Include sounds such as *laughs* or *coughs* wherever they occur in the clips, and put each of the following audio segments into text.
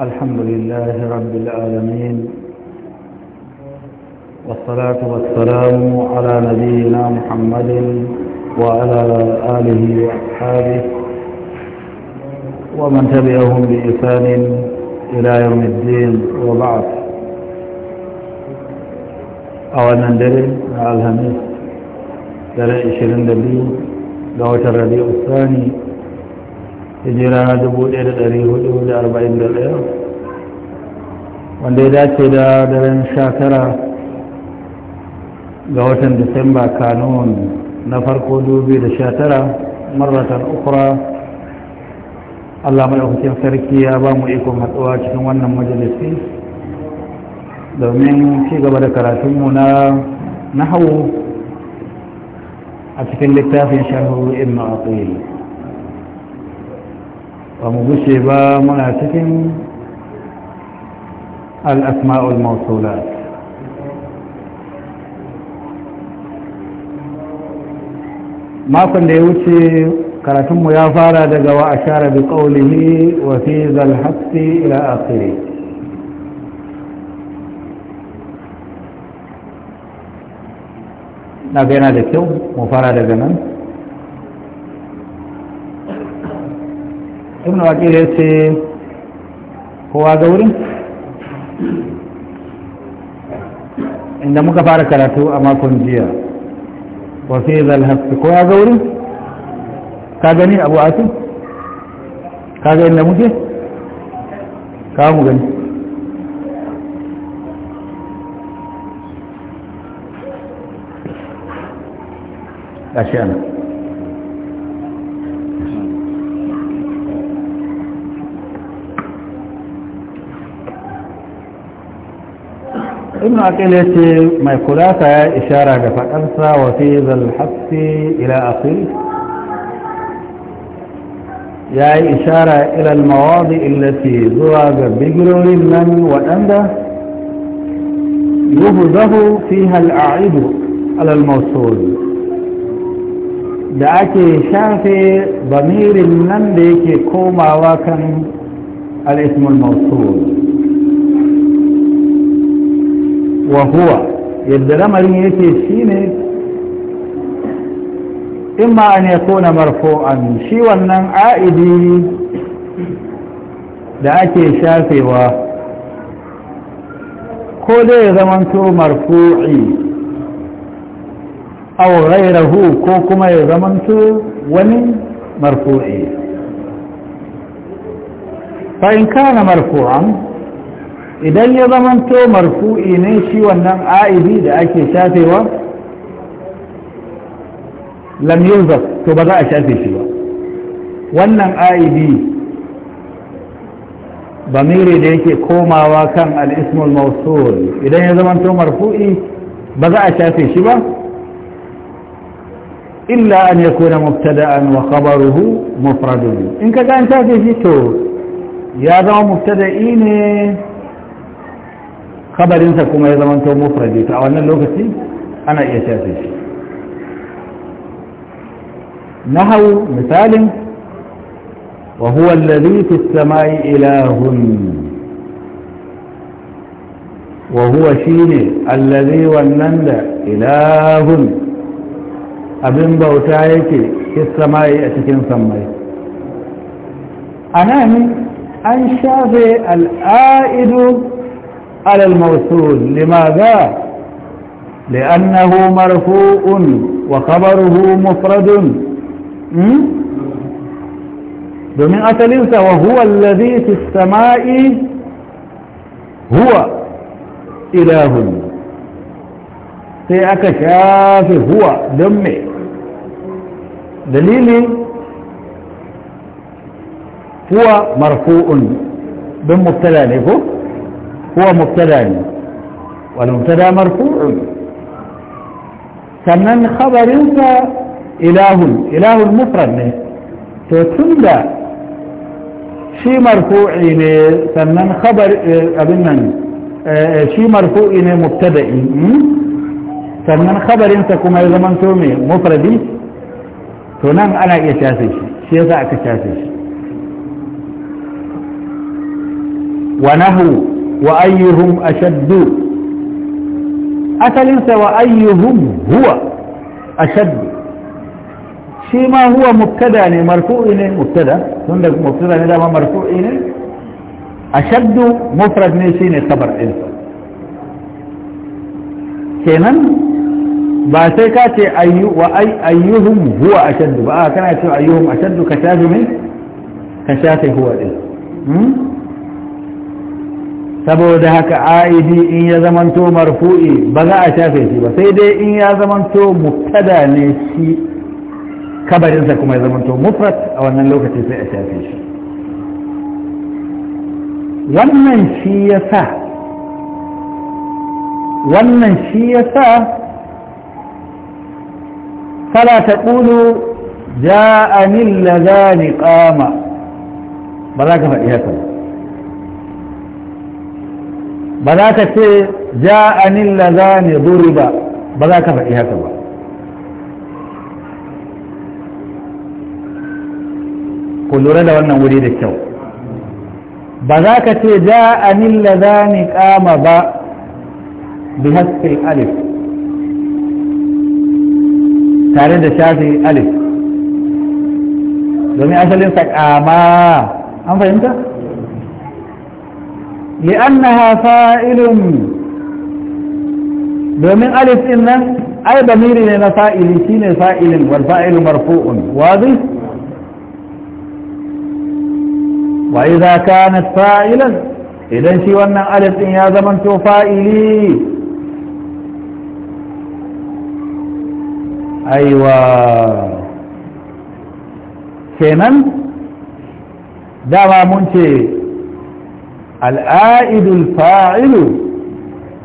الحمد لله رب العالمين والصلاة والسلام على نبينا محمد وعلى آله وأصحابه ومن تبعهم بإحسان إلى يوم الدين وبعد أولا ندري مع الهميس دري دبي دعوة الربيع الثاني hijira 1441 wanda ya dace da daren shakara ga watan disamba kanun na farko 2019 marratan ukura allah maɗaukacin sarki ya ba mu ikon hatsuwa cikin wannan majalisi domin ci gaba da karatunmu na nahawu a cikin littafin shahararru ibn aqil ba mu gushe ba muna cikin al'asma'ul mausulat makon da ya wuce karatunmu ya fara daga wa a share bi ƙaunihi wa fi ila akiri na yana da kyau mu fara daga nan ibn da ya ce kowa ga wurin inda muka fara karatu a makon jiya wasu yi zalhafi kowa ga wurin ka gani abu asu ka ga inda muke ka mu gani gashi ana ibn aqil yace mai kulasa ya ishara ga fadarsa wa fi ila asil ya yi ishara ila almawadi illati zuwa ga bigirorin nan waɗanda yuhzahu fiha al'aidu ala almawsul da ake shafe bamirin nan da yake komawa kan al-ismul wa huwa yadda lamarin yake shine imma an kona marfu'an shi wannan a'idi da ake shafewa ko dai ya zamanto marfu'i aw ghayrahu ko kuma ya zamanto wani marfu'i fa in kana marfu'an idan ya zamanto marfu'i ne shi wannan a'ibi da ake shafewa lam yuzaf to ba za a shafe shi ba wannan a'ibi bamiri da yake komawa kan al'ismul mausul idan ya zamanto marfu'i ba za a shafe shi ba illa an ya yakuna mubtada'an wa khabaruhu mufradun in ka ga an shafe shi to ya zama mubtada'i ne kabarinsa kuma ya zamanto mufradi to a wannan lokaci ana iya shafe shi nahau misalin wa huwa alladhi fi samai ilahun wa huwa shine alladhi wannan da ilahun abin bauta yake fi samai a cikin sammai anan an shafe al'aidu على الموصول لماذا لانه مرفوء وخبره مفرد بمن اتلوت وهو الذي في السماء هو اله سيأك شافي هو دمي دليلي هو مرفوء بمبتلى لكم هو مبتدا والمبتدا مرفوع كمن خبر انت اله اله المفرد تتندى شي مرفوع كمن خبر آه، ابنن آه، شي مرفوع مبتدا كمن خبر انت كما اذا تومي مفردي تنام على اساسي شي يزعك اساسي ونهو وأيهم أشد أسلنس وأيهم هو أشد شيء ما هو مبتدا يعني مرفوع مبتدا عندك مبتدا يعني ده مرفوع أشد مفرد نسين خبر إنسان kenan ba تي أي وأي أيهم هو أشد بقى كان ce ayyuhum ashaddu ka shafi mai saboda haka aidi in ya zamanto marfu'i ba za a shafe shi ba sai dai in ya zamanto mubtada ne shi kabarinsa kuma ya zamanto mufrad a wannan lokaci sai a shafe shi wannan shi ya sa wannan shi ya sa fala ta ƙulu ja'anil lazani ƙama ba za ka faɗi haka ba ba za ka ce ja'anin ne buri ba ba za ka faɗi haka ba ku lura da wannan wuri da kyau ba za ka ce ja'anin ne kama ba bi haskin alif tare da shafi alif domin asalin sa kama an fahimta? li'annaha fa'ilun domin alif din nan ai damiri ne na fa'ili shine fa'ilin wal fa'ilu marfu'un waye za ka na fa'ilan idan shi wannan alif din ya zamanto fa'ili aiwa kenan dama mun ce al'a'idul fa'ilu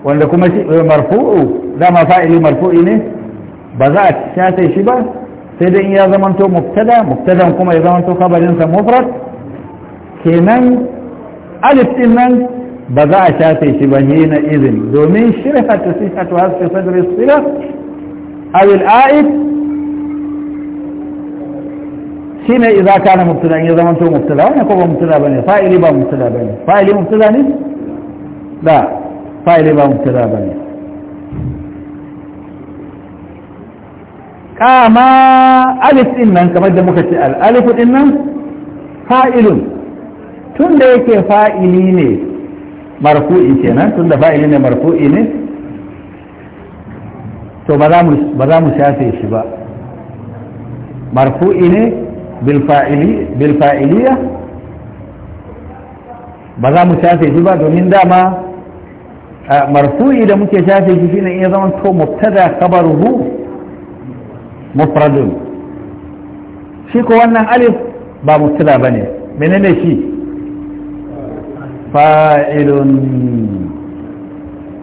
wanda kuma shi marfu'u dama fa'ili marfu'i ne ba za a shafe shi ba sai dai ya zamanto muktada, muktadan kuma ya zamanto kabarinsa mufrat. kenan alif din nan ba za a shafe shi ba ne na izin domin shirha ta sihatu hasfi sadri sila awil shine idza kana mubtada ya zama to mubtada wannan ko ba mubtada bane fa'ili ba mubtada bane fa'ili mubtada ne da fa'ili ba mubtada bane kama alif din nan kamar da muka ce al alif din nan fa'ilun tunda yake fa'ili ne marfu'i kenan tunda fa'ili ne marfu'i ne to ba za mu shafe shi ba marfu'i ne bilfa'iliya ba za mu shafe shi ba domin dama marfu'i da muke shafe shi shine iya zama to mubtada khabaruhu mufradun shi ko wannan alif ba mubtada bane menene shi fa'ilun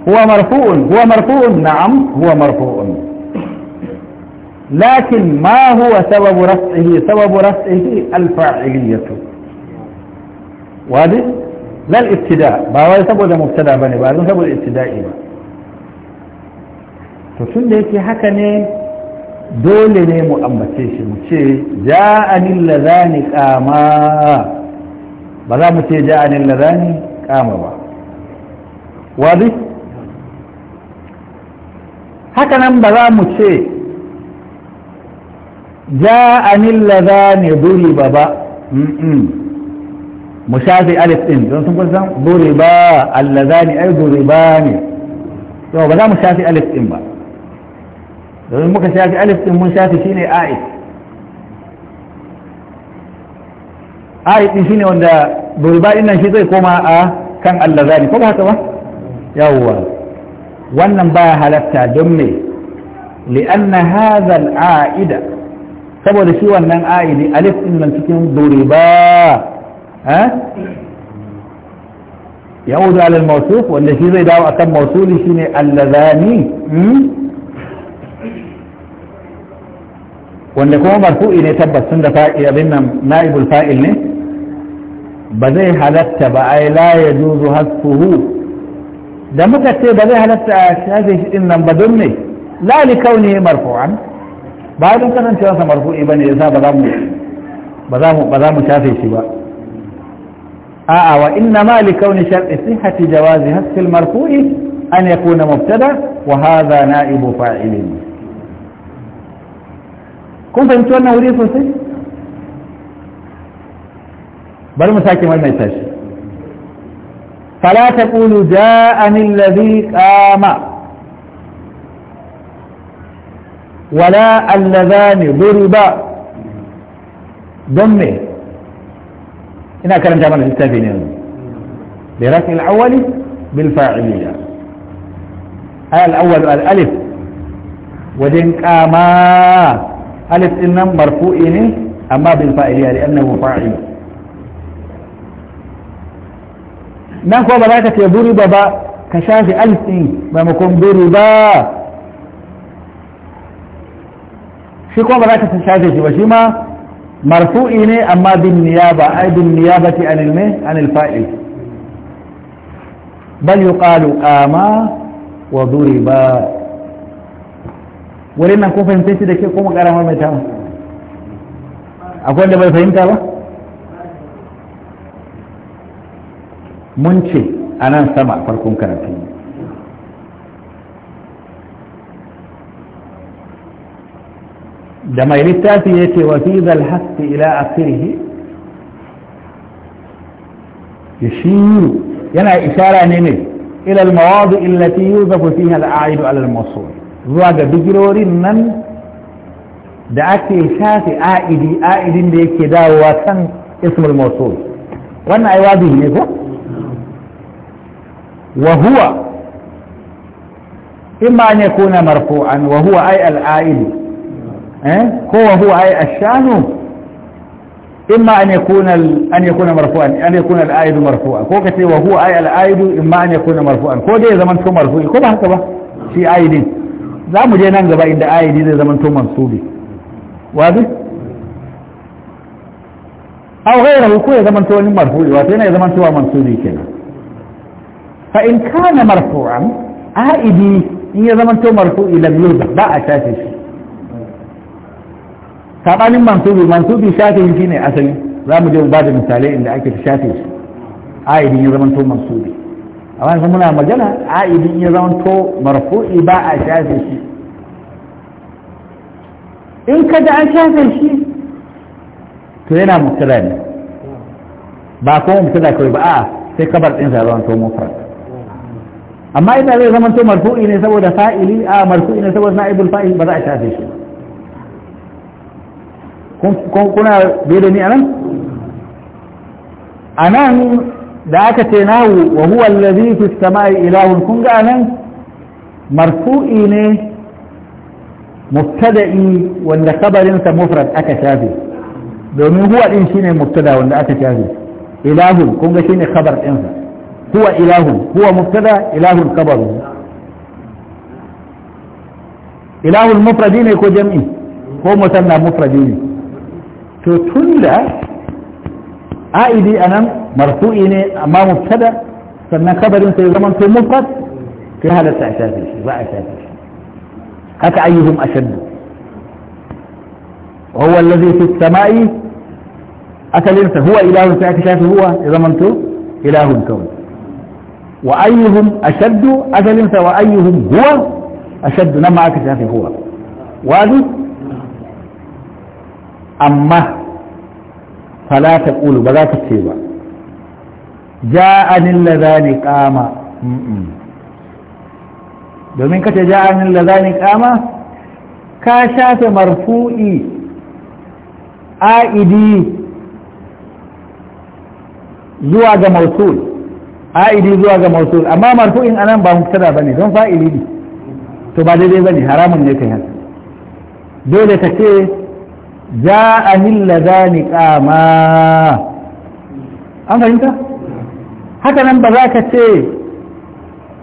huwa marfu'un huwa marfu'un na'am huwa marfu'un لكن ما هو سبب رفعه سبب رفعه الفاعلية واضح لا الابتداء باوي سبب مبتدا بني بعدين سبب الابتدائي to tun da yake haka ne dole ne mu ambace shi mu ce ja'anil ladhani qama ba za mu ce ja'anil ladhani qama ba wadi haka ba za mu ce جاء اللذان ضرب با مشافي الف ان ضرب اللذان اي ضربان تو بدا مشافي الف ان با لما كشافي الف ان مشافي شيء ايت ايت دي شنو عند ضرب ان شيء زي كما آه، كان اللذان كما هكا با يا هو wannan ba halatta don me saboda shi wannan ayi ne alif din nan cikin duriba ya eh يعود على wanda shi zai dawo akan موصولي shine allazani wanda kuma marfu'i ne tabbas sun da fa'i abin nan na'ibul fa'il ne ba zai halatta ba ai la ya juzu hasfuhu da muka ce ba zai halatta a shafi shi din nan ba don ne la li kauni marfu'an ba don kasancewa sa marfu'i bane yasa ba za mu ba za mu ba za mu shafe shi ba a'a wa inna ma li kauni shar'i sihhati jawazi hasfi al-marfu'i an yakuna mubtada wa hadha na'ibu fa'ilin kun fahimci wannan wuri sosai bari mu sake maimaita shi fala taqulu ja'ani alladhi qama wala allazani duriba don me ina karanta mana littafi ne yanzu bi rafi al-awwali bil fa'iliya al-awwal al-alif wajen kama alif din nan marfu'i ne amma bil fa'iliya li'annahu fa'il nan ba za ka ce duriba ba ka shafi alif din maimakon duriba shi kuma ba za ka shafe shi ba shi ma marfu'i ne amma bin niyaba ai bin niyabati anil me anil fa'il bal yuqalu qama wa duriba wurin nan ko fahimce shi da ke kuma karama mai tawa. akwai wanda bai fahimta ba mun ce a nan sama farkon karatu لما يريد تأتي وفيذا الحث إلى أكثره يشير هنا إشارة نمي إلى المواضع التي يوظف فيها الأعيد على الموصول ذوق بجرور من دعك إشارة آئد آئد لكذا وكان اسم الموصول وأن أعواده نفو وهو إما أن يكون مرفوعا وهو أي الآئد إيه؟ هو هو أي الشان إما أن يكون ال... أن يكون مرفوعا أن يكون الآيد مرفوعا هو كتير وهو أي الآيد إما أن يكون مرفوعا هو ده زمن ثم مرفوع هو ده كبا في آيد ذا مجينا نجبا نعم إن آيد ده زمن ثم منصوب واضح أو غيره هو كل زمن ثم مرفوع واتينا زمن ثم منصوب كنا فإن كان مرفوعا آيد إن زمن ثم مرفوع لم يوضح بقى أساسي sabanin mansubi mansubi shafi shi ne asali za mu je mu bada misalai inda ake ta shafi shi aidin ya zamanto mansubi amma yanzu muna magana aidin ya zamanto marfu'i ba a shafe shi in ka da an shafe shi to yana mubtada ne ba kuma mubtada kawai ba a sai kabar ɗin sa zamanto mufrad amma idan zai zamanto marfu'i ne saboda fa'ili a marfu'i ne saboda na'ibul fa'il ba za a shafe shi kuna bai da ni a nan? a nan da aka ce nahu wa huwa allazi fi samai ilahun kun ga nan marfu'i ne mubtada'i wanda kabarinsa mufrad aka shafe domin huwa din shine muftada wanda aka shafe ilahun kun ga shine kabar dinsa, huwa ilahun huwa muftada ilahun kabaru ilahun mufradi ne ko jam'i ko musanna mufradi ne to tunda a'idi anan marfu'i ne amma mubtada sannan kabarin sai zaman to mufrad kai halatta a shafi shi ba a shafi shi haka ayyuhum ashaddu wa huwa allazi fi samai asalin sa huwa ilahun sai aka shafi huwa ya zaman to ilahun kawai wa ayyuhum ashaddu asalin sa wa ayyuhum huwa ashaddu nan ma aka shafi huwa wani amma fala ta ƙulu ba za ka ce ba ja'anin lazani kama domin ka kace ja'anin lazani kama ka shafe marfu'i a'idi zuwa ga mausul a'idi zuwa ga mausul amma marfu'in anan ba ba ne don fa'ili ne to ba daidai bane haramun ne kai haka dole ka ce Za a ja'ani alladhani qama an fahimta haka nan ba za ka ce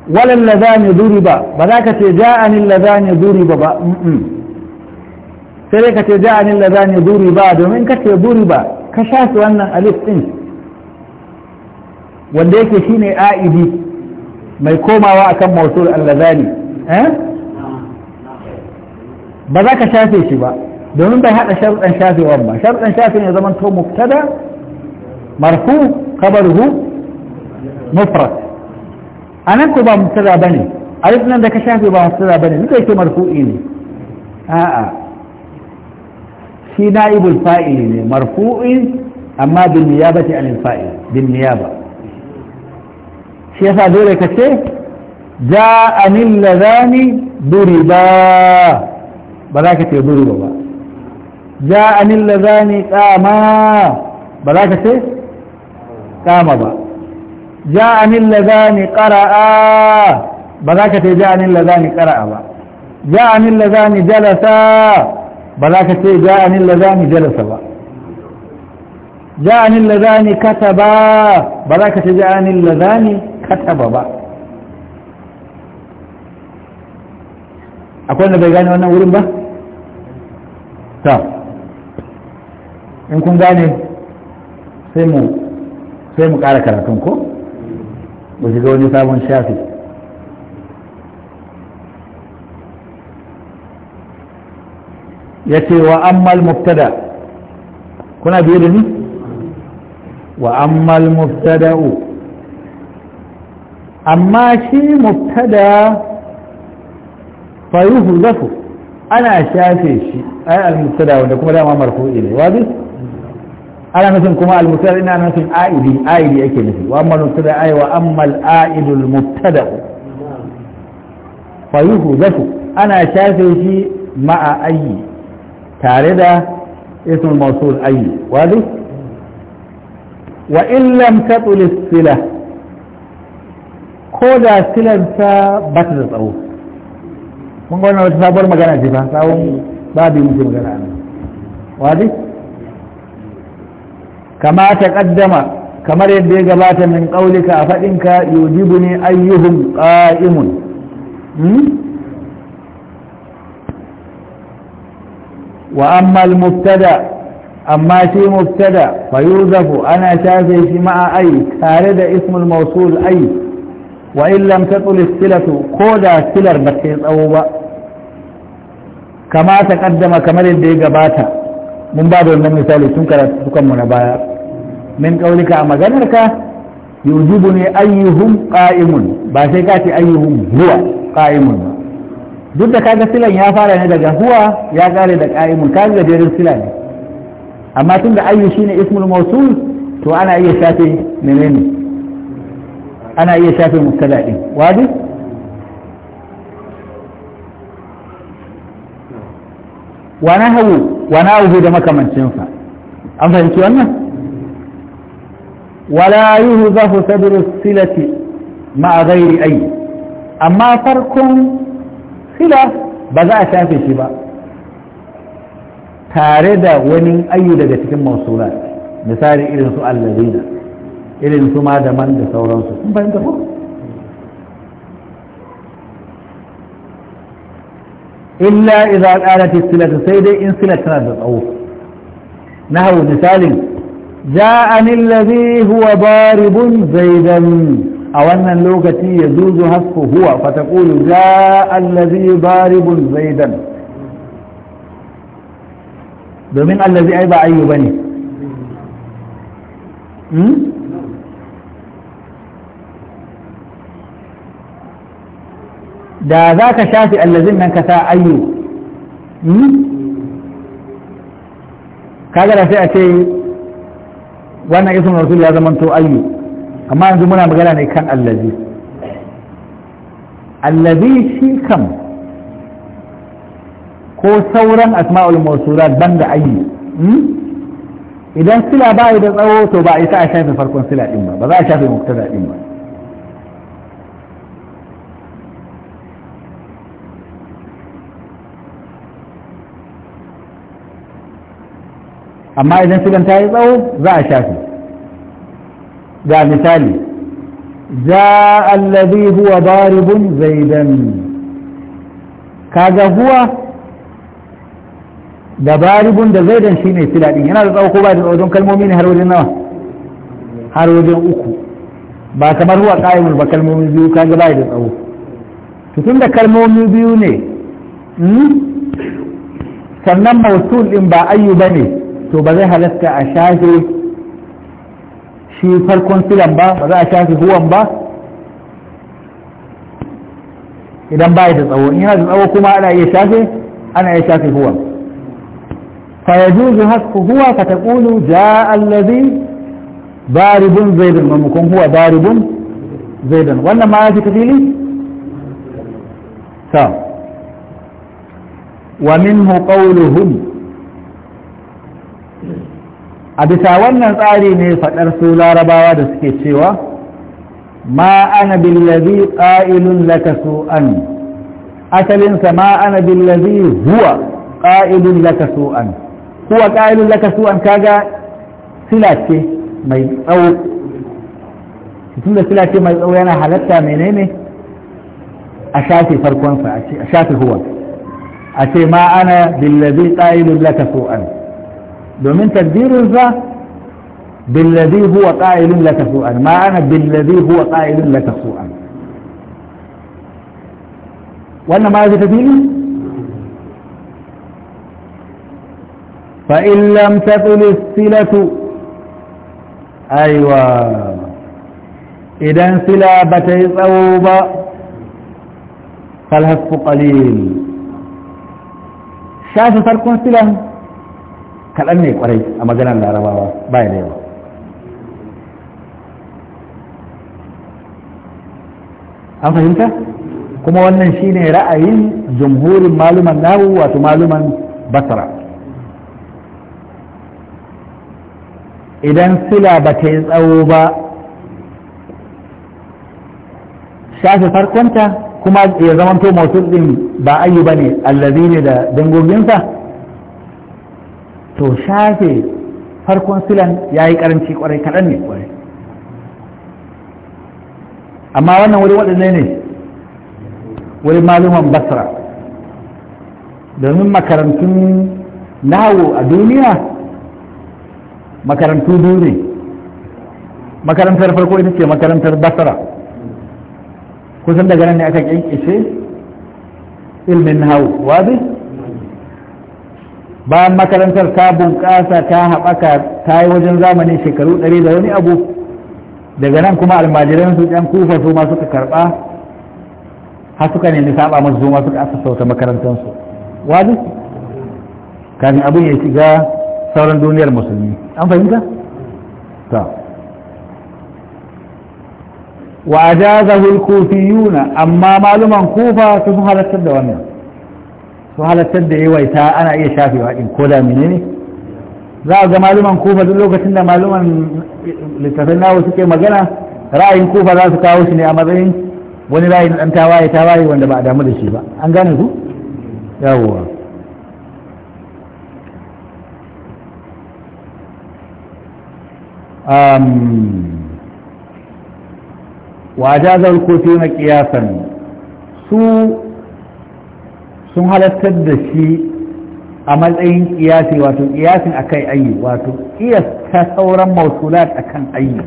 walal ladhani duriba ba ba za ka ce za a ja'ani alladhani duriba ba sai dai ka ce za a ja'ani alladhani ba domin ka ce ba ka shafi wannan alif din wanda yake shine a'idi mai komawa akan mawsul alladhani eh ba za ka shafe shi ba دون بها شرط شافي وما شرط شافي اذا ما انتم مبتدا مرفوع خبره مفرد انا كوبا مبتدا بني عرفنا ان ده شافي بقى مبتدا بني ليه كده مرفوع اني اه في نائب الفاعل مرفوع اما بالنيابه عن الفاعل بالنيابه شيخ هذول كتي جاء من اللذان ضربا بلاكه يضرب بقى ja anil lazani qama ba za ka ce qama ba ja anil lazani qaraa ba za ka ce ja anil lazani qaraa ba ja anil lazani jalasa ba za ka ce ja anil lazani jalasa ba ja anil lazani kataba ba za ka ce ja anil lazani kataba ba akwai wanda bai gane wannan wurin ba in kun gane sai mu sai mu ƙara karatun ko mu shiga wani sabon shafi ya ce wa ammal mubtada kuna biye da ni wa ammal mubtada'u amma shi mubtada fa yuhzafu ana shafe shi ay al mubtada wanda kuma dama marfu'i ne wabi ana nufin kuma al ina nufin aidi aidi yake nufi wa amma nufin da ay wa amma al-aidul mubtada fa yuhdafu ana shafe shi ma'a ayi tare da ismul mawsul ayi wadi wa in lam tatul as ko da silanta ba ta da tsawo mun ga wannan wata sabuwar magana ce fa sabon babu mutum magana wadi kama taqaddama kamar yadda ya gabata min qaulika a fadinka yujibuni ayyuhum qa'imun hmm? wa amma al-mubtada amma shi mubtada fayuzafu ana shafe shi ma'a ai tare da ismul mawsul ai wa in lam tatul silatu ko da silar ba ta tsawo ba kama ta kaddama kamar yadda ya gabata mun ba da wannan misali sun karatu sukan mu na baya min qaulika a maganarka yujibu ne ayyuhum qa'imun ba sai ka ce ayyuhum huwa qa'imun duk da kaga silan ya fara ne daga huwa ya kare da qa'imun kaga gajerin sila ne amma tunda ayyu shine ismul mawsul to ana iya shafe menene ana iya shafe mubtada din wajib wa nahu wa nahu da makamancinsa an fahimci wannan wala yuhzahu sadru silati ma ghairi ay amma farkon sila ba za a shafe shi ba tare da wani ayyu daga cikin mausula misali irin su alladina irin su madaman da sauransu kun fahimta ko illa idza qalat as-silatu sai dai in silat tana da tsawo Na nahu misalin ja'ani allazi huwa baribun zaidan a wannan lokaci ya zuzu hasku huwa fatakulu ja'a allazi baribun zaidan domin allazi ai ba ayyu bane da za ka shafi allazin nan ka sa ayyu kaga da sai a ce wannan ismin rasul ya zama to ayyu amma yanzu muna magana ne kan allazi allazi shi kam ko sauran asma'ul mawsulat banda ayyu hmm? idan sila ba da tsawo to ba ita a shafe farkon sila din ba ba za a shafe muktada din ba amma idan sugan ta yi tsawo za a shafi ga misali za allazi huwa daribun zaidan kaga huwa da baribun da zaidan shi ne filaɗin yana da tsawo ko ba da tsawo don kalmomi ne har wajen nawa har wajen uku ba kamar huwa ƙa'imul ba kalmomi biyu kaga ba da tsawo to da kalmomi biyu ne hmm, sannan mausul ɗin ba ayyu ne. to ba zai halatta a shafe shi farkon silan ba ba za a shafe huwan ba idan ba da tsawo in yana da tsawo kuma ana iya shafe ana iya shafe huwan fa yajuzu hasku huwa ka taqulu jaa allazi baribun zaidan mamakon huwa baribun zaidan wannan ma ya fi tafili ta wa min minhu qawluhum a bisa wannan tsari ne faɗar su larabawa da suke cewa ma ana billazi ƙa'ilun laka an. asalinsa ma ana billazi huwa ƙa'ilun laka an. huwa ƙa'ilun laka su an kaga silace mai tsawo tun da silace mai tsawo yana halatta menene a shafe farkonsa a shafe huwa a ce ma ana billazi ƙa'ilun laka an. دومين تقدير الله بالذي هو قائل لك سوءا ما أنا بالذي هو قائل لك سوءا وأنا ما هذا تدين فإن لم تكن السلة أيوة إذا انسلا بتي صوبا فالهف قليل شاشة تركون السلام kaɗan ne kwarai a maganar larabawa ya da yawa an fahimta kuma wannan shi ne ra'ayin jumhurin maluman nahu wato maluman basara. idan sila ba ta yi tsawo ba shafi farkonta kuma ya zamanto motsin ba ayyuba ne allazi ne da dangoginsa to shafe farkon silan ya yi karanci kwarai kaɗan ne kwarai amma wannan wuri waɗanne ne wuri maluman basra domin makarantun nawo a duniya makarantu biyu ne makarantar farko ita ce makarantar basra kusan daga nan ne aka kyankishe ilmin nawo wazi bayan makarantar ta bunƙasa ta haɓaka ta yi wajen zamanin shekaru ɗari da wani abu daga nan kuma almajiran su ɗan kufa su ma suka karɓa har suka nemi saɓa masu su ma suka sauta makarantarsu Wajen? kafin abin ya shiga sauran duniyar musulmi an fahimta ta wa ajazahu al-kufiyuna amma maluman kufa sun halartar da wannan su halattar da ta ana iya shafi waɗin ko da menene za a ga maluman kufa duk lokacin da maluman littafin nawa suke magana ra'ayin kufa za su kawo shi ne a matsayin wani ra'ayi na ɗan tawaye tawaye wanda ba a damu da shi ba an gane ku yawwa وأجاز الكوفيون ƙiyasan su sun halartar da shi a matsayin kiyasi wato kiyasin akan ayyu wato kiyasta sauran mausulat akan ayyu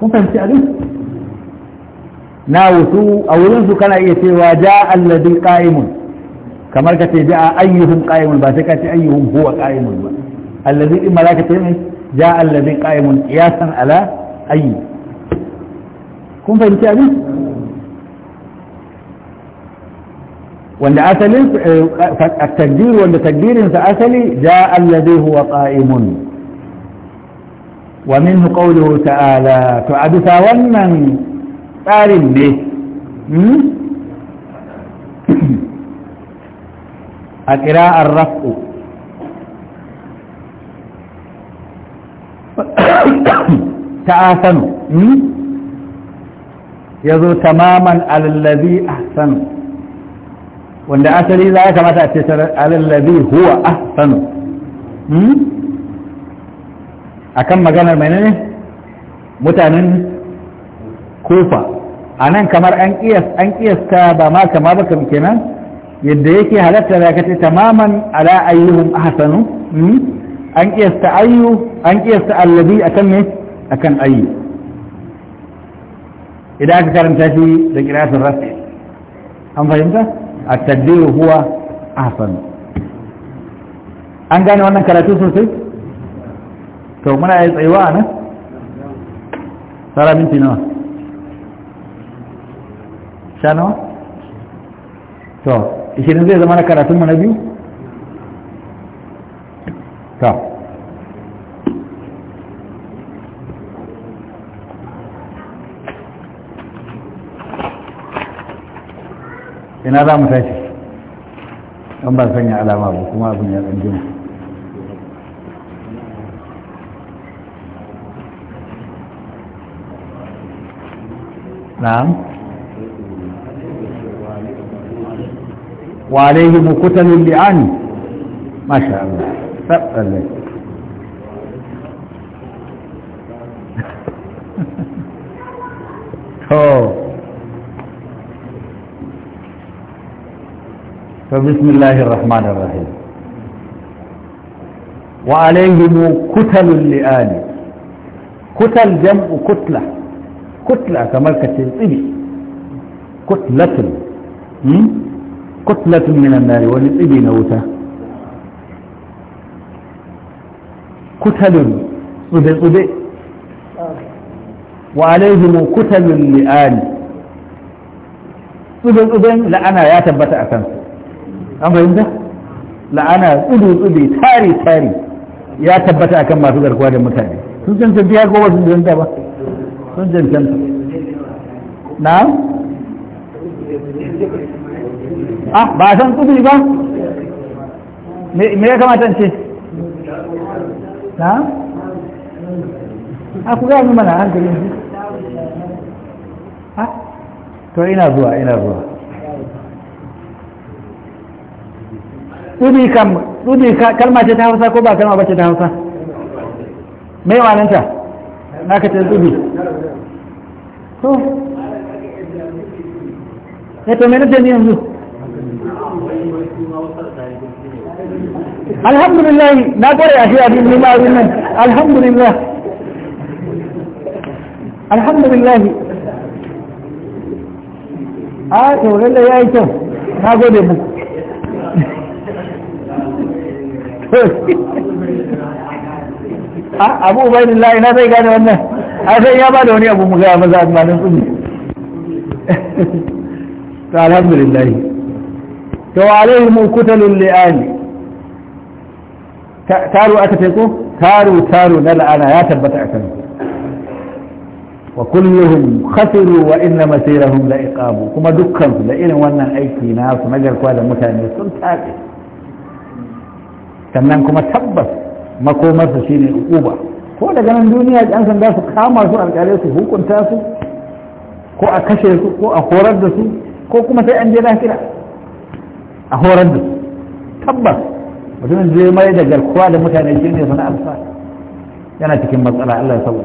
kun fahimci abin na wusu a wurin su kana iya cewa ja alladhi qa'imun kamar ka ce ja ayyuhum qa'imun ba sai ka ce ayyuhum huwa qa'imun ba alladhi in malaka ce mai ja alladhi qa'imun qiyasan ala ayyi, kun fahimci abin وعند أسل التكبير وعند تكبير فأسل جاء الذي هو قائم ومنه قوله تعالى تعد ثاونا تارم به أكراء الرفع تآثنوا يظهر تماما على الذي احسن wanda asali za ya kamata a ce alallabi huwa ahsanu hmm? akan maganar mai ne mutanen kufa a nan kamar an kiyasta ba ma kama ba kam kenan yadda yake halatta da kace tamaman ala ayyuhum ahsanu hmm? an kiyasta ayyu an kiyasta allabi akan ne akan ayyu idan aka karanta shi da kirasin rafi an fahimta at huwa ahsan an gane wannan karatu sosai to muna yi tsayuwa nan sara nawa sha to ishirin zai zama na karatun mu na biyu to ina za mu tashi an ba sanya alama ba kuma abin ya ɗan jima na'am walehi mu mukutalin li'ani masha Allah sabbalai *laughs* to فبسم الله الرحمن الرحيم وعليهم كتل لآل كتل جمع كتلة كتلة كما كتلة كتلة كتلة من النار ونسئبي نوتا كتل صدي صدي وعليهم كتل لآل صدي صدي لأنا يا تبت أكنسي an fahimta la'ana tsudu tsudu tari tari ya tabbata a kan masu garkuwa da mutane sun cancanta ya kowa sun cancanta ba sun cancanta na ah ba a san tsudu ba me ya kamata ce ah, na a ku gani mana hankali ha ah, to ina zuwa ina zuwa tsudi kam tsudi kalma ce ta hausa ko ba kalma bace ta hausa mai wananta na ka ce tsudi to ya eh, to mai nufin yanzu alhamdulillah na gore a shi bin nima abin nan alhamdulillah alhamdulillah a ah, to ya yayi kyau na gode muku *laughs* Ah, abu ubaidin la'i na zai gane wannan a sai ya ba da wani abu mu gaya maza malin tsumi *laughs* ta alhamdulillah to alaihi mu kutalun li'ani taru aka teku taru taru na la'ana ya tabbata a kan wa kulluhum khasiru wa inna masirahum la'iqabu kuma dukkan su da irin wannan aiki na su nagarkwa da mutane sun tafi sannan kuma tabbas makomarsa shine uba ko da ganin duniya yan sanda su kama su alƙalai su hukunta su ko a kashe su ko a horar da su ko kuma sai an je lahira a horar da su tabbas mutumin zai mai da garkuwa da mutane shi ne sana'ar sa yana cikin matsala Allah ya sabo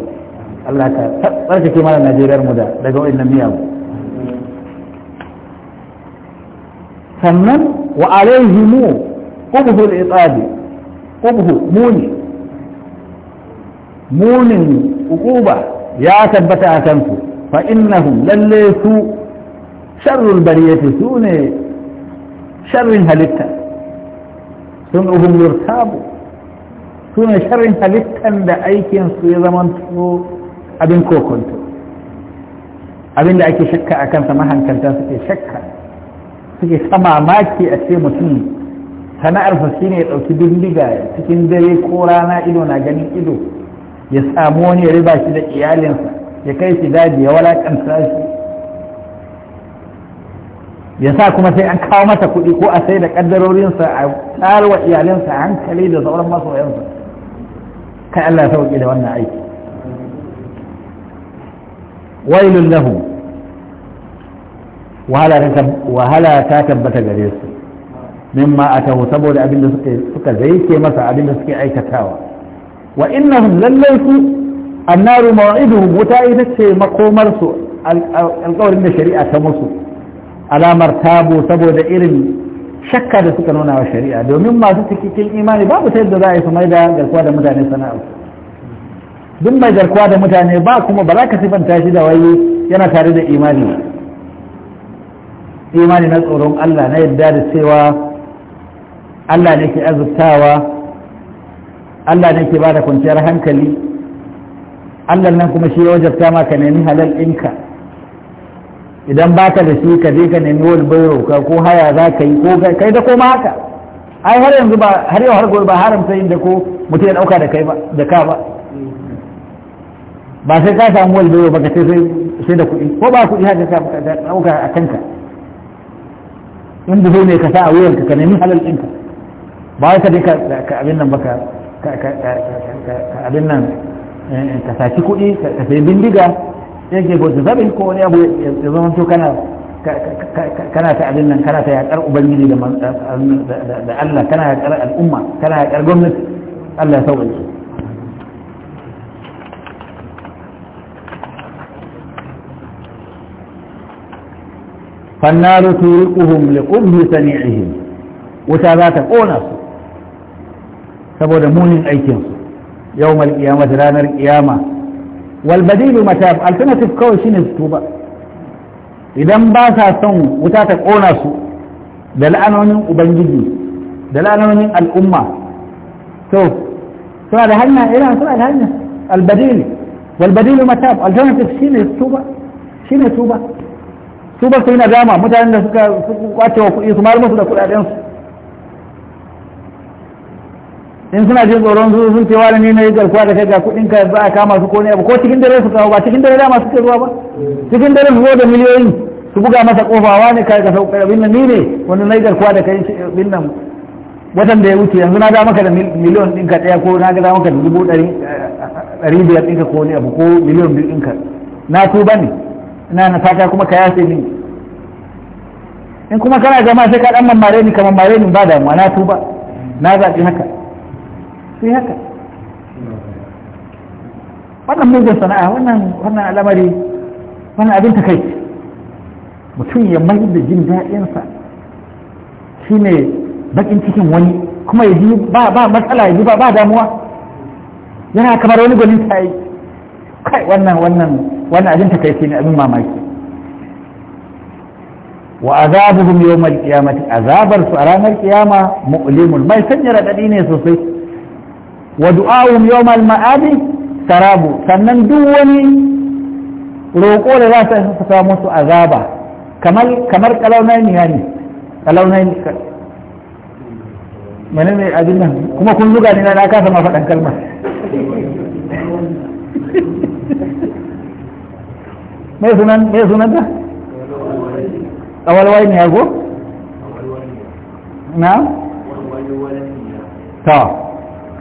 Allah ka tsarkake mana Najeriya mu da daga wannan miyagu sannan wa alaihimu ƙubhul iqabi ƙubhu muni munin uquba ya tabbata a kansu fa innahum lalle su sharrul bariyati su ne sharrin halitta sun uhum yurtabu su ne sharrin halittan da aikin su ya zama abin kokonto abin da ake shakka a kansa mahankalta suke shakka suke maki a ce mutum sana'arsa ne ya ɗauki bindiga cikin dare ko rana ido na ganin ido ya samu wani ya riba shi da iyalinsa ya kai shi daji ya walakanta shi ya sa kuma sai an kawo mata kuɗi ko a sai da ƙaddarorinsa a tsarwa iyalinsa hankali da sauran masoyansa kai Allah ya da wannan aiki wailun lahu wahala ta tabbata gare su mimma tahu saboda abin da suka zai ke masa abin da suke aikatawa wa innahum lallai su annaru maw'iduhum wuta ita ce makomarsu su alƙawarin da shari'a ta musu alamar tabo saboda irin shakka da suka nuna wa shari'a domin masu cikin imani babu ta yadda za a yi su mai da garkuwa da mutane sana'ar duk mai garkuwa da mutane ba kuma ba za ka sifanta shi da wayi yana tare da imani imani na tsoron Allah na yadda da cewa Allah ne ke azurtawa Allah ne ke ba da kwanciyar hankali Allah nan kuma shi ya wajabta ma ka nemi halal ɗinka idan ba ka da shi ka je ka nemi wani bayo ka ko haya za ka yi ko kai da koma haka ai har yanzu ba har yau har gobe ba haramta yin da ko mutum ya ɗauka da kai ba da ka ba ba sai ka samu wani bayo ba ka sai sai da kuɗi ko ba kuɗi haka ka ɗauka a kanka in buhu ne ka sa a wuyanka ka nemi halal ɗinka ba ka dai ka abin nan ba ka abin nan ka saci kuɗi ka sayi bindiga yake ko zabin ko wani abu ya zama to kana kana ta abin nan kana ta yakar ubangiji da da Allah kana yakar al'umma kana yakar gwamnati Allah ya sauke fannaru turiquhum liqubhi sani'ihim wuta za ta kona su saboda munin aikinsu, yau su yawmal da ranar qiyama wal badilu mata alternative kawai shine su tuba idan ba sa son wuta ta kona su da la'anonin ubangiji da la'anonin al'umma to suna da hanya irin suna da hanya al badil wal badilu mata alternative shine su tuba shine tuba tuba sai na dama mutanen da suka kwace wa kuɗi su mar musu da kuɗaɗen su in suna jin tsoron su sun ce wani ne na yi garkuwa da kai ga kuɗin ka ba a kama su ko ne abu ko cikin dare su kawo ba cikin dare da masu zuwa ba cikin dare su zo da miliyoyin su buga masa kofawa ne kai ka sauka abin nan ni ne wani na yi garkuwa da kai abin watan da ya wuce yanzu na ga maka da miliyon ɗinka ɗaya ko na ga maka da dubu ɗari biyar ɗinka ko ne abu ko miliyon biyu ka na tuba ne ina na fata kuma ka yase ni in kuma kana jama'a sai ka ɗan mamare ni ka mammare ni ba damuwa na tuba na zaɓi haka sai haka wannan mugun sana'a wannan al'amari wannan abin takaici mutum ya mai da jin daɗinsa shi ne bakin cikin wani kuma ya ji ba matsala ya ji ba damuwa yana kamar wani gwanin tayi kai wannan wannan wannan abin shi ne abin mamaki wa azabuhum yawmal qiyamati azabar su a ranar kiyama mu'limul mai sanya radadi ne sosai wa du'a'um yawmal ma'adi sarabu sannan duk wani roƙo da za ta saka musu azaba kamar kamar kalaunai ne yani kalaunai ne menene abin nan kuma kun zuga ne na kasa ma faɗan kalma *laughs* me sunan me sunan da awalwai ne ya go na awalwai ne ta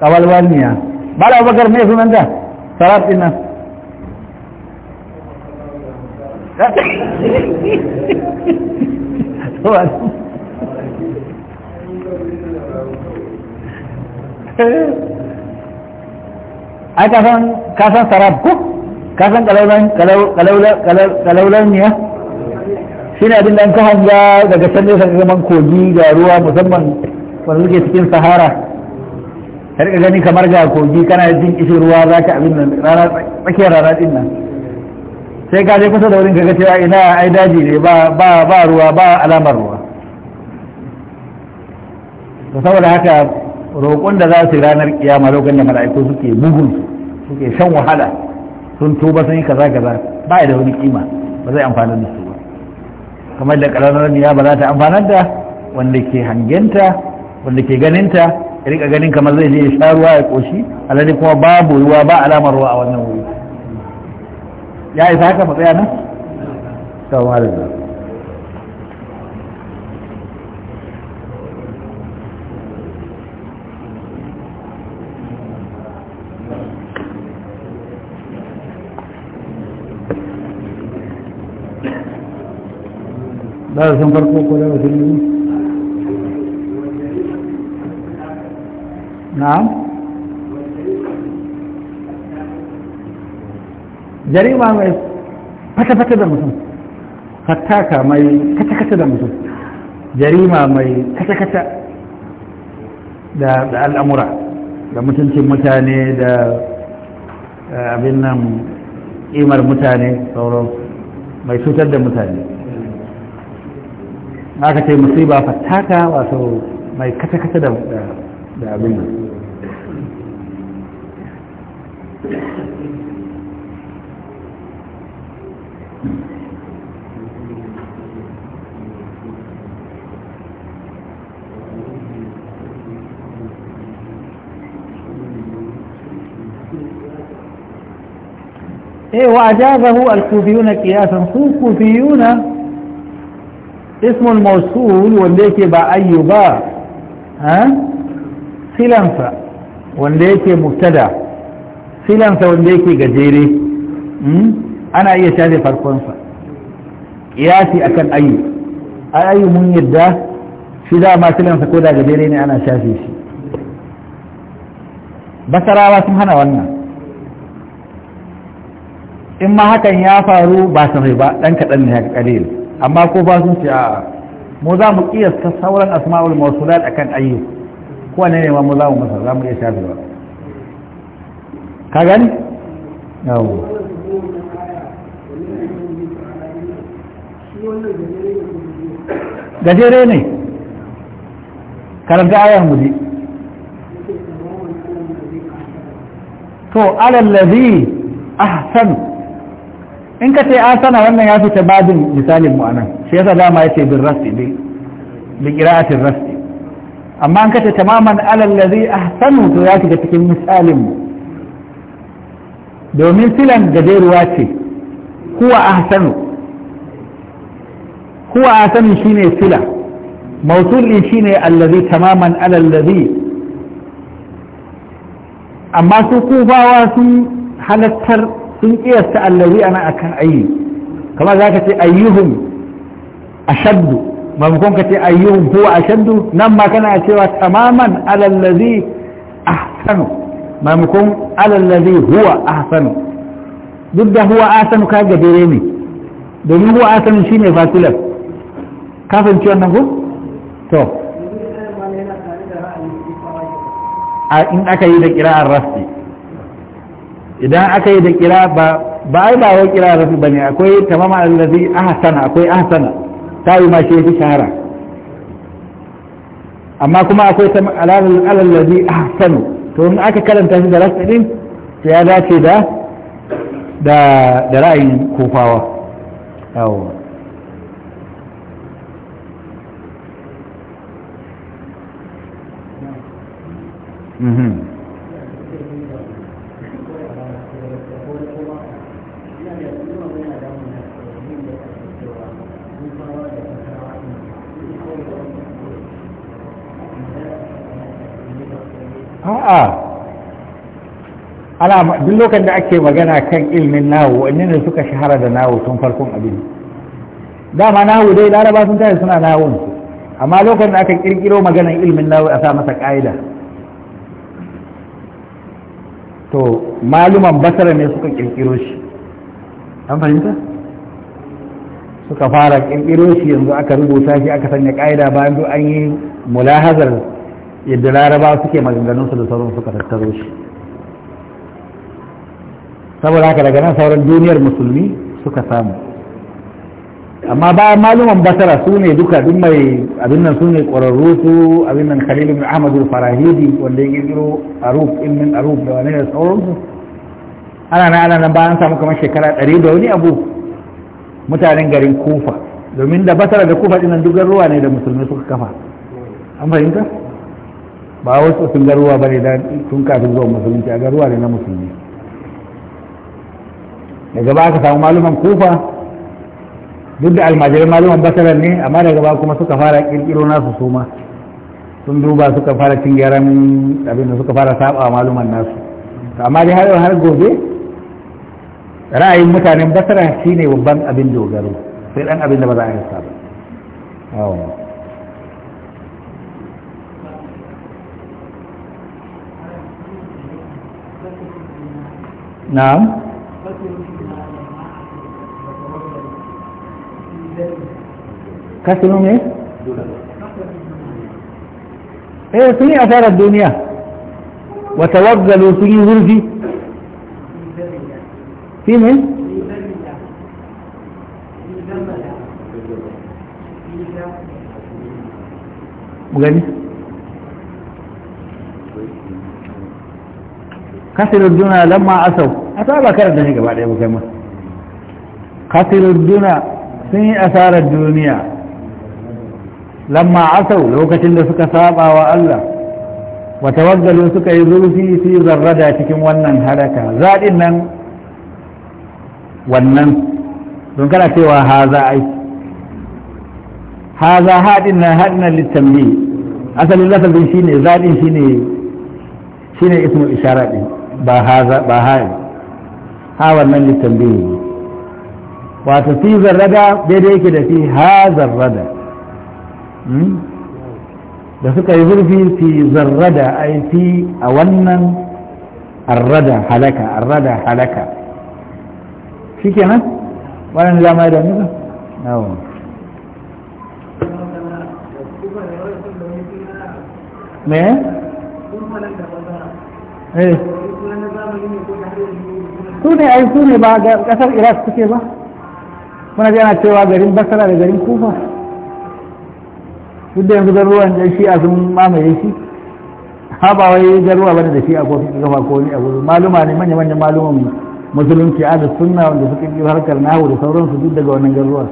niya bala abubakar mai sunanta sarat ina ai kasan sarab ku kasan kalaulaniya shi ne abin da an ka hanga daga can nesa ga kogi ga ruwa musamman wanda suke cikin sahara ka riƙa gani kamar ga kogi kana jin kishin ruwa za ka abin nan rana tsakiyar rana din nan sai ka je kusa da wurin kaga cewa ina ai daji ne ba ruwa ba alamar ruwa to saboda haka roƙon da za su ranar kiyama lokacin da mala'iku suke bugun suke shan wahala sun tuba sun yi kaza kaza ba da wani kima ba zai amfana da su ba kamar da ƙaranar niyya ba za ta amfana da wanda ke hangenta wanda ke ganinta rika ganin kamar zai je ya sha ruwa ya koshi alhali kuma babu ruwa ba alamar ruwa a wannan wuri ya isa haka fa tsaya nan salamu alaikum sun farko ko wasu biyu na'am jarima mai fata-fata da mutum fataka mai kata-kata da mutum jarima mai kata-kata da al'amura da mutuncin mutane da abin nan imar mutane sauran mai cutar da mutane aka ce musiba fataka wato mai kata-kata da abin nan إيه وأجابه الكوفيون قياسا كوفيون اسم الموصول وليك بأيبا ها سلنفا وليك مبتدا سلنفا وليك جزيري أنا أي شاذي فرقنفا قياسي أكن أي أي من يده shi za ma tilan sa koda gajere ne ana shafe shi basarawa sun hana wannan in ma hakan ya faru ba sarai ba ɗan kaɗan ne haka kalil amma ko ba sun ce a'a mu za mu iya sauran asma'ul mawsulat akan ayyuk ko ne ne ma mu za mu masa za mu iya shafi ba ka gani yawo gajere ne karanta ayar mu ji to alallazi ahsan in ka ce asana wannan ya fita babin misalin mu anan shi yasa dama ya yace bin rasti bi bi qira'atin rasti amma an kace tamaman ala allazi ahsanu to ya shiga cikin misalin mu domin silan gajeruwa ce huwa ahsanu huwa ahsanu shine sila mawsul shine allazi tamaman ala allazi amma su kufawa sun halattar sun kiyasta allazi ana akan ayi kamar zaka ce ayyuhum ashaddu maimakon ka ce ayyuhum huwa ashaddu nan ma kana cewa tamaman alallazi ahsanu maimakon alallazi huwa ahsanu duk da huwa ahsanu ka ga dare ne domin huwa ahsanu shine fasilar Ka ciwon nan ko to in aka yi da kira'ar rasti idan aka yi da kira ba ba ai ba wai kira rafi bane akwai tamama allazi ahsana akwai ahsana tayi ma shi fi shahara amma kuma akwai tamama allazi ahsanu to in aka karanta shi da rafi din to ya dace da da da ra'ayin kofawa mhm mm a'a ana duk lokacin da ake magana kan ilmin nawo wani ne suka shahara da nawo tun farkon abin dama nawo dai laraba sun tare suna nawon amma lokacin da aka kirkiro maganar ilmin nawo a sa masa ka'ida to maluman basara ne suka kirkiro shi an fahimta suka fara kirkiro shi yanzu aka rubuta shi aka sanya ka'ida bayan an yi mulahazar yadda laraba suke maganganunsu da sauran suka tattaro shi saboda haka daga nan sauran duniyar musulmi suka samu amma bayan maluman basara su ne duka duk mai abin nan su ne ƙwararru su abin nan khalil bin ahmadu farahidi wanda ya girgiro aruf ibn aruf da wani da sauransu ana nan ana nan bayan samu kamar shekara ɗari da wani abu mutanen garin kufa domin da basara da kufa ɗinan dukkan ruwa ne da musulmi suka kafa an fahimta ba wasu sun garuwa ba ne tun kafin zuwa musulunci a garuwa ne na musulmi daga ba aka samu maluman kufa duk da almajirai maluman basarar ne amma daga ba kuma suka fara kirkiro nasu suma sun duba suka fara cin gyaran abin da suka fara saba maluman nasu amma dai har har gobe ra'ayin mutanen basara shine babban abin dogaro sai dan abin da ba za a yi saba نعم كسروا من ايه ايه في اثار الدنيا وتوغلوا في ذلفي في من مغني kasirar duna lamma asau a ta ba karar da ne gaba ɗaya ba kai masu kasirar duna sun yi asarar duniya lamma asau lokacin da suka saba wa Allah wata waggalu suka yi zurfi su zarrada cikin wannan halaka zaɗin nan wannan don kana cewa haza ai haza haɗin nan haɗin nan littambi asalin lafazin shine zaɗin shine shine ismu ishara ɗin ba haza ba hai ha wannan litambihi ne wato fi zarrada daidai yake da fi ha zarrada da suka yi zurfi fi zarrada ai fi a wannan arrada halaka arrada halaka shi ke nan wannan zama da nuna? yawon me? eh su ne ai su ne ba ga kasar iraq suke ba muna ji yana cewa garin basara da garin kufa duk da yanzu garuruwan da a sun mamaye shi ha ba wai garuruwa bane da shi a kofi gaba ko ni a gudu maluma ne manya manyan maluman musulunci a da sunna wanda suka yi harkar nahu da sauransu duk daga wannan garuruwa su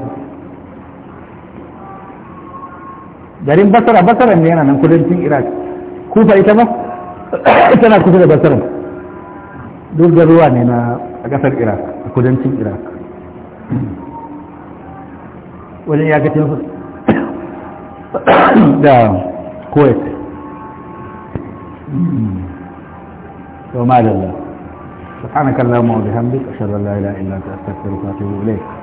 garin basara basara ne yana nan kudancin iraq kufa ita ba *coughs* tana kusa da basara duk da garuwa ne na a ƙasar iraq a kudancin iraq wajen ya gacin su *coughs* da kuwait yau ma da Allah su hana kallon ma'ubi hamdi a shirar la'ila'ila ta astagfirullah ta yi